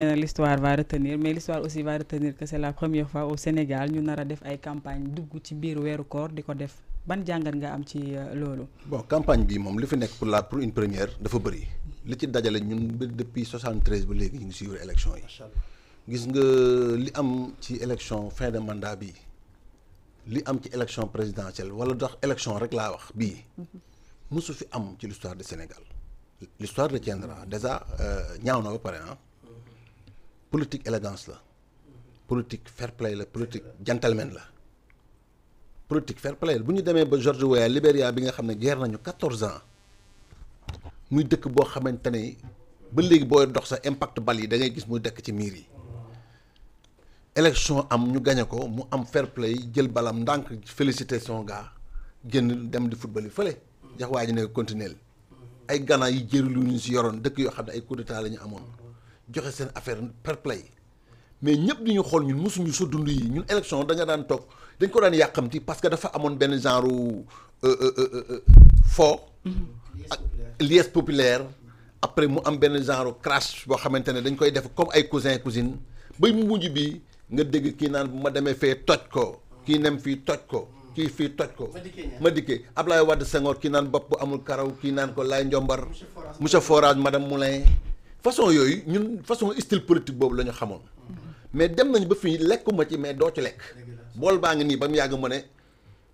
Euh, l'histoire va retenir mais l'histoire aussi va retenir que c'est la première fois au Sénégal ñu nar a def ay campagne dugg ci biir weeru koor di ko def ban jàngat nga am ci euh, loolu bon campagne bi moom li fi nekk pour la pour une première dafa bari li ci dajale ñun ba depuis 73 ba léegi ñu ngi suivre élection yi gis nga li am ci élection fin de mandat bi li am ci élection présidentielle wala dox élection rek laa wax bii mosu mhm. fi am ci l'histoire de Sénégal l'histoire retiendra déjà euh, ñaaw na ba pare politique élégance la politique fair play la politique gentleman la politique fair play bu ñu demee ba George Weah Libéria bi nga xam ne guerre nañu quatorze ans muy dëkk boo xamante ne ba léegi booy dox sa impact bal yi da ngay gis mu dekk ci miir yi élection am ñu gañe ko mu am fair play jël balam ndànk félicitation gaa génn dem di football yi fële jax waa ji ne continuer ay Ghana yi jëriñu ñu si yoroon dëkk yoo xam ne ay coup d'état la ñu amoon joxe seen affaire per play mais ñëpp di ñu xool ñun mosuñu sa dund yi ñun élection da nga daan toog dañ ko daan yàqamti parce que dafa amoon benn genre euh, euh, euh, foo mm-hmm. ak liesse populaire après mu am benn genre crash boo xamante ne dañ koy def comme ay cousin cousine bay mu mujj bi nga dégg kii naan bu ma demee fee toj ko ki nem fii toj ko kii fii toj ko ma dikkee Ablaye Wade Senghor kii naan bopp amul karaw ki naan ko lay njombar monsieur Forage madame Moulin façon yooyu ñun façon style politique boobu la ñu xamoon mais dem nañ ba fii lekkuma ci mais doo ci lekk bool baa ngi nii ba mu yàgg ma ne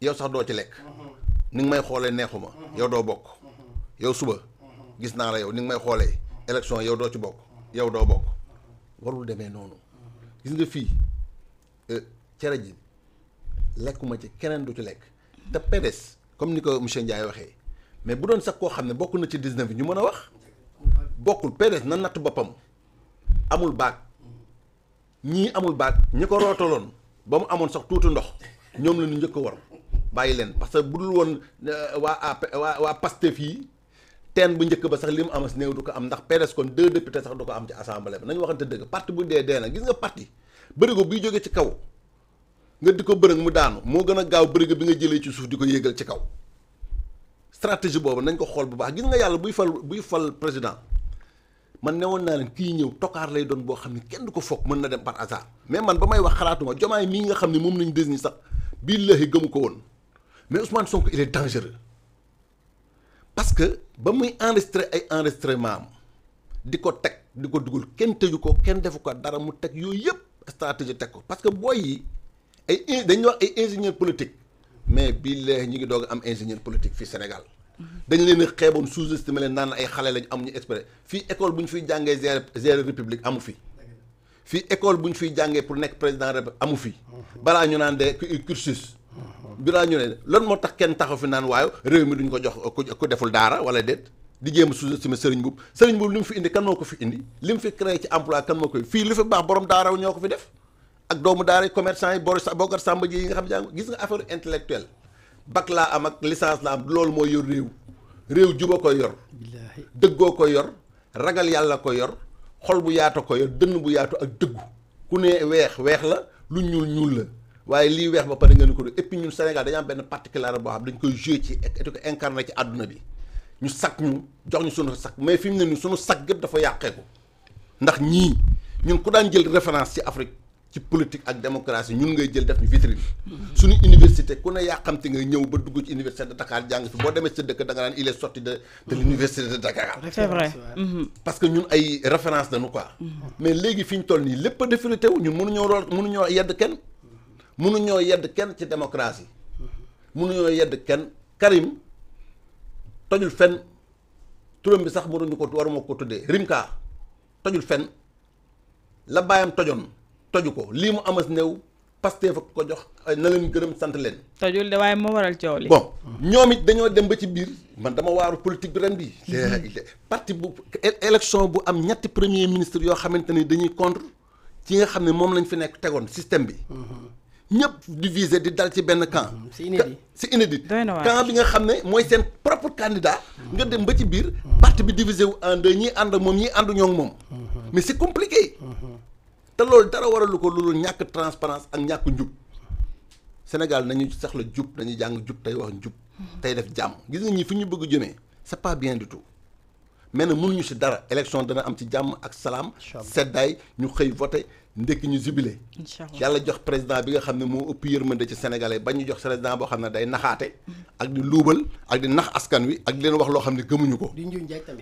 yow sax doo ci lekk ni nga may xoolee neexuma yow doo bokk suba gis naa la yow ni nga may xoolee élection yow doo ci bokk yow doo bokk warul demee noonu gis nga fii euh, cere ji lekkuma ci keneen du ci lekk te PDS comme ni ko monsieur Ndiaye waxee mais bu doon sax koo xam ne bokk na ci 19 bi ñu mën a wax bokkul PDS na natt boppam amul baag ñii amul baag ñi ko rootaloon ba mu amoon sax tuuti ndox ñoom la ñu njëkk war bàyyi leen parce que bu dul woon euh, waa AP waa waa Pastef yi teen bu njëkk ba sax li mu am as néew du ko am ndax PDS kon deux députés sax du ko am ci assemblée ba nañu waxante dëgg parti bu dee dee na gis nga parti bërigo biy jógee ci kaw nga di ko bërëg mu daanu moo gën a gaaw bërigo bi nga jëlee ci suuf di ko yéegal ci kaw stratégie boobu nañ ko xool bu baax gis nga yàlla buy fal buy fal président. man ne woon naa leen kii ñëw tokaar lay doon boo xam ne kenn du ko foog mën na dem par hasard mais man ba may wax xalaatuma jomaay mii nga xam ni moom lañu désigné sax billahi gëmu ko woon mais Ousmane Sonko il est dangereux parce que ba muy enregistré ay enregistrement am di ko teg di ko duggul kenn tëju ko kenn defu ko dara mu teg yooyu yëpp stratégie teg ko parce que booy yi ay dañuy wax ay ingénieur politique mais billahi ñu ngi doog am ingénieur politique fii Sénégal dañ leen a xeeboon sous leen naan ay xale lañ amuñu espéré fii école bu ñu fiy jàngee gérer gérer république amu fi. fii école bu ñu fiy jàngee pour nekk président rep amu fi. balaa ñu naan de euh, cursus. balaa ñu ne lan moo tax kenn taxaw fi naan waaye réew mi duñ ko jox ku deful daara wala déet. di jéem a sous-estimé Serigne Boub Serigne Boub li mu fi indi kan moo ko fi indi li mu fi créé ci emploi kan moo koy fii lu fi baax borom daara ñoo ko fi def ak doomu daara commerçant yi Boris Bocar Samba Dièye nga xam jàng gis nga affaire intellectuelle bac laa am ak licence la am loolu mooy yor réew réew juba ko yor dëggoo ko yor ragal yàlla ko yor xol bu yaatu ko yor dënn bu yaatu ak dëggu ku ne weex weex la lu ñuul ñuul la waaye lii weex ba pare nga ni ko et puis ñun Sénégal dañu am benn particulier boo xam dañ koy joué ci et ko incarné ci àdduna bi ñu sakk ñu jox ñu sunu sakk mais fi mu ne nii sunu sakk gépp dafa yàqee ko ndax ñii ñun ku daan jël référence ci Afrique ci politique ak démocratie ñun ngay jël def ñu vitrine suñu université ku ne yaa nga ñëw ba dugg ci université de Dakar jàng fi boo demee sa dëkk da nga naan il est sorti de de l'université de Dakar c'est vrai mm-hmm. parce que ñun ay référence nañu quoi mm-hmm. mais léegi fi ñu toll nii lépp a défilité wu ñun mënuñoo lool mënuñoo yedd kenn mënuñoo yedd kenn ci démocratie mm-hmm. mënuñoo yedd kenn Karim tojul fenn turam bi sax mënuñu ko waruma ko tuddee Rimka tojul fenn la bàyyam tojoon toju ko lii mu amas néew Pastef ko jox na leen gërëm sant leen. tojul de waaye moo waral coow li. bon ñoom it dañoo dem ba ci biir man dama waaru politique bi ren bi mhm. parti bu élection bu am ñetti premier ministre yoo xamante ni dañuy contre ci nga xam ne moom lañ fi nekk tegoon système bi. Mhm. ñëpp diviser di dal ci benn camp. Mhm. c'est inédit c'est inédit. bi nga xam ne mooy seen propre candidat. nga dem ba ci biir. parti bi diviser wu en deux ànd ak moom ñii ànduñoo ak moom. te loolu dara waralu ko loolu ñàkk transparence ak ñàkk njub Sénégal nañu sax la jub nañu jàng jub tey wax njub tey def jàmm gis nga ñi fi ñu bëgg jëmee c'est pas bien du tout mais nag mënuñu si dara élection dana am ci jàmm ak salaam seddaay ñu xëy voté ndekki ñu jubilé yàlla jox président bi nga xam ne moo ëpp yërmande ci sénégalais ba ñu jox président boo xam ne day naxaate ak di luubal ak di nax askan wi ak di leen wax loo xam ne gëmuñu ko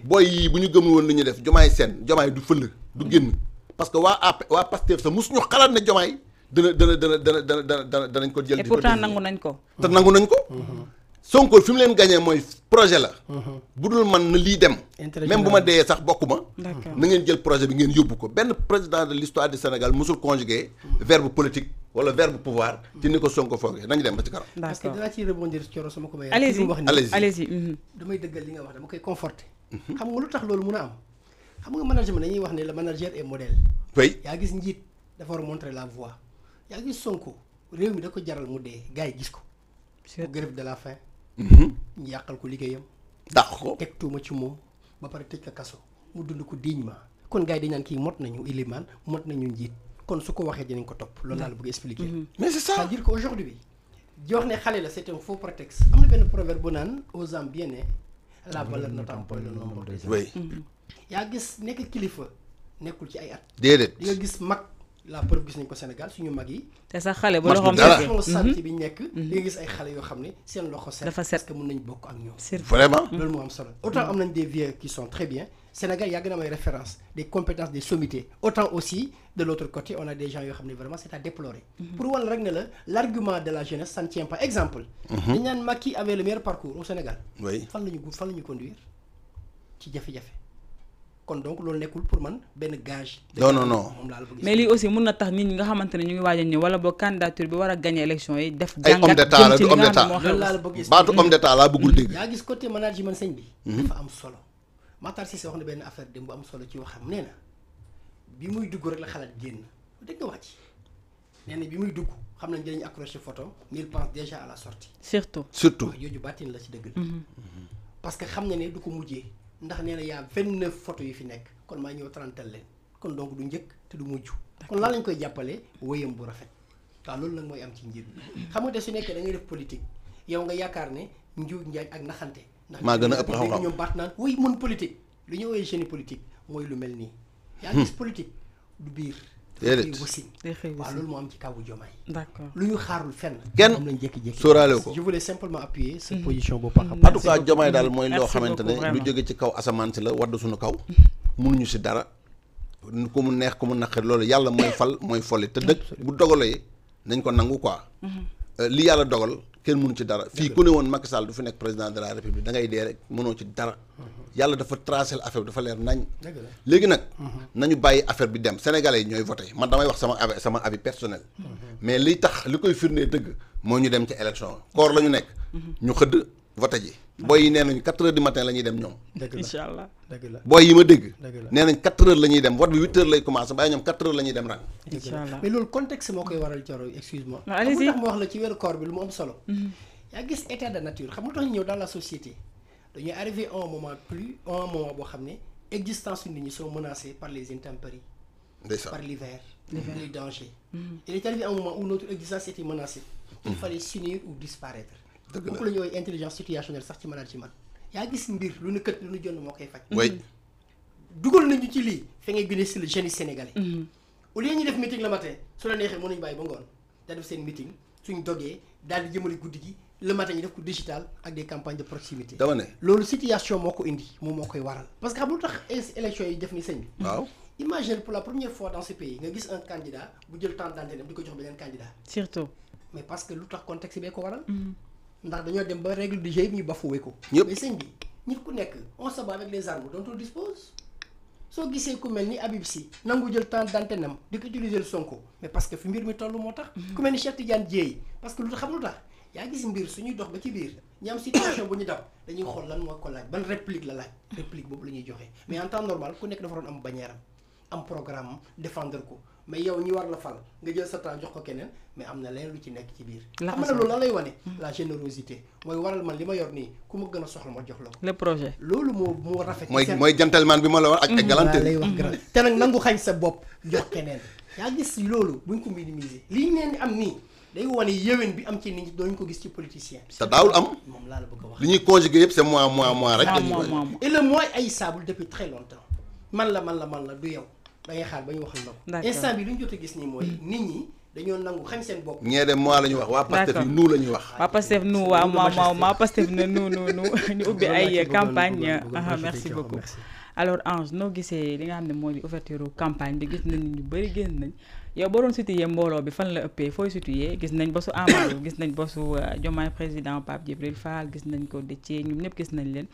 booy yii bu ñu gëmul li ñu def jomaay seen jomaay du fëll du génn parce que waa AP waa Pastef sa mosuñu xalaat ne Jomaay dana dana dana dana dana dana danañ ko jël. et pourtant nangu nañ ko. te nangu nañ ko. Sonko fi mu leen gagné mooy projet la. bu dul man na lii dem. même bu ma dee sax bokkuma na ngeen jël projet bi ngeen yóbbu ko benn président de l'histoire du Sénégal mosul conjugué verbe politique wala verbe pouvoir ci ni ko Sonko foogee nañu dem ba ci kanam. parce que dinaa ciy rebondir Thioro sama ko may. allez-y allez-y wax mhm. nii damay dëggal li nga wax dama koy conforter. xam nga lu tax loolu mun a am. xam nga management dañuy wax ne la manager est modèle. oui yaa gis njiit dafa war a montrer la voie yaa gis Sonko réew mi da ko jaral mu dee gars yi gis ko. c'est grève de la faim. Mhm. yàqal ko liggéeyam. dàq ko teg tuuma ci moom ba pare tëj ko kaso mu dund ko dignement kon gars yi dañ naan kii mot nañu ilimaan mot nañu njiit kon su ko waxee dinañ ko topp. loolu laa la bëgg expliquer. Mhm. mais c'est ça c'est-à-dire qu'aujourd'hui wax ne xale la c'est un faux prétexte. am na benn proverbe bu naan aux hommes bien nés la ah, valeur yaa gis nekk kilifa nekkul ci ay at. déedéet di nga gis mag la preuve gis nañ ko Sénégal suñu mag yi. te sax xale bu loxoom mhm. nekk. Mhm. di nga xale yoo xam ne seen loxo set. dafa set parce que mën nañ bokk ak ñoom. loolu moo am solo. Mhm. autant am nañ des vieux qui sont très bien. Sénégal yàgg na am ay références des compétences des sommités autant aussi de l'autre côté on a des gens yoo xam ne vraiment c'est à déplorer. pour wan rek ne la l'argument de la jeunesse ça exemple. dañ naan ñu fan ci jafe kon donc loolu nekkul pour man benn gage. non non non na tax nit ñi nga xamante ne ñu ngi waaj a ñëw wala boog candidature bi war a gis baatu homme d'état laa bëggul dégg. yaa gis côté management sëñ mhm. wax na benn affaire dem bu am solo ci waxam nee na bi muy dugg rek la xalaat génn dégg nga wax nee na bi muy dugg xam nañ dinañ accroché photo il pense déjà à la sorti surtout surtout yooyu bàttin la ci dëgg la. Mhm. parce que xam na ne du ko mujjee. ndax nee na yaa vingt neuf photos yi fi nekk kon maa ñëw trente leen kon donc du njëkk te du mujj kon lan lañ koy jàppalee wéyam bu rafet waaw loolu nag mooy am ci njëriñ xam nga te su nekkee da ngay def politique yow nga yaakaar ne njuuj njaaj ak naxante ndax maa gën a ëpp xam-xam ñoom baat naan wuy mun politique lu ñu woowee génie politique mooy lu mel nii yaa gis hmm. politique du biir déedéet waaw loolu moo am ci kawu Diomaye. d'accord kenn moom ko je voulais simplement appuyer sa mm-hmm. position boobu. en tout daal mooy loo xamante ne lu jóge ci kaw asamaan si la wadd suñu kaw. mënuñu si dara ko mu neex ko mu naqari loolu yàlla mooy fal mooy folli te dëkk bu dogalee nañ ko nangu quoi. Mm-hmm. Euh, li yàlla dogal. kenn mënu ci dara fii ku ne woon Macky Sall du fi nekk président de la république da ngay dee rek mënoo ci dara yàlla dafa tracé affaire bi dafa leer nañ léegi nag mhm. nañu bàyyi affaire bi dem sénégalais yi ñooy voté man damay wax sama avis personnel mhm. mais li tax li koy firndee dëgg moo ñu dem ci élection koor la nekk mhm. ñu xëdd voté ji boy yi nee nañu quatre heures du matin la ñuy dem ñoom. dëgg la incha allah dëgg la boy yi ma dégg. dëgg la nee nañ quatre heures la ñuy dem vote bi huit heures lay commencé ba ñoom quatre heures la ñuy dem rang. incha allah mais loolu contexte moo koy waral Thioro excuse moi. allez tax ma wax la ci weeru koor bi lu mu am solo. Mhm. yaa gis état de nature xam nga tax ñu ñëw dans la société dañuy arrivé à un moment plus à un moment boo xam ne existence nit ñi sont menacées par les intempéries. par l'hiver. Mhm. les dangers. Mhm. il est arrivé à un moment où notre existence était menacée. il fallait s'unir ou disparaître. dëgg la ku la ñooy intelligence situationnelle sax ci management yaa gis mbir lu nu kët lu nu jonn moo koy faj. way dugal nañu ci lii fa ngay gënee mm-hmm. daa def seen meeting suñ dogee gi le matin ñu def ko digital ak des campagnes de loolu situation moo ko indi moom moo koy waral. parce que xam lu tax élection yi def ni sëñ bi. waaw imagine pour la première fois dans ce pays nga gis un candidat bu jël temps d'antenne di ko jox beneen candidat. surtout mais parce que lu tax contexte bee ko waral. Mm-hmm. ndax dañoo dem ba règle du jeu ñu bafoué ko. ñëpp mais sëñ bi nit ku nekk on se bat avec les armes dont on dispose soo gisee ku mel ni Habib Sy nangu jël temps d'antenne am di ko utiliser Sonko mais parce que fi mbir mi toll moo tax. Mhm. ku mel ni Cheikh Tidiane Dièye parce que lu tax xam lu tax yaa gis mbir suñuy dox ba ci biir ñu am situation bu ñu dab dañuy xool lan moo ko laaj ban réplique la laaj. réplique boobu la ñuy joxe mais en temps normal ku nekk dafa doon am bannière am am programme défendre mais yow ñu war la fal nga ko keneen mais am na leen lu ci nekk ci biir. xam loolu hmm. la générosité mooy waral man ma yor nii ku ma gën a soxla ma jox la ko. le projet loolu moo moo rafet. mooy mooy gentleman bi ma la wax ak hmm. galante hmm. te nag nangu xañ sa bopp jox keneen yaa gis loolu buñ ko minimiser li ñu leen am nii. day wane yéwén bi am ci nit ñi dooñu ko gis ci politicien te daawul am moom la bëgg a wax li ñuy conjugué yëpp c'est mois moi moi rek ah, et le moi ay saabul depuis très longtemps man la man la man la du yow da ngay xaar ba ñu waxal la ko. instant bi lu ñu gis nii mooy nit ñi. dañoo nangu xañ seen bopp. ñee moi la ñu wax waa Pastef la ñuy wax. waa Pastef nu waa ma ma ma Pastef na nu nu nu ñu ubbi ay campagne merci beaucoup. alors Ange noo gisee li nga xam ne moo di ouverture campagne bi gis nañ ñu bëri génn nañ yow boo doon situé mbooloo bi fan la ëppee fooy situé gis nañ bosu Amadou gis nañ ba su euh, Diomaye président Pape Djibril Fall gis nañ ko Déthié ñoom ñëpp gis nañ leen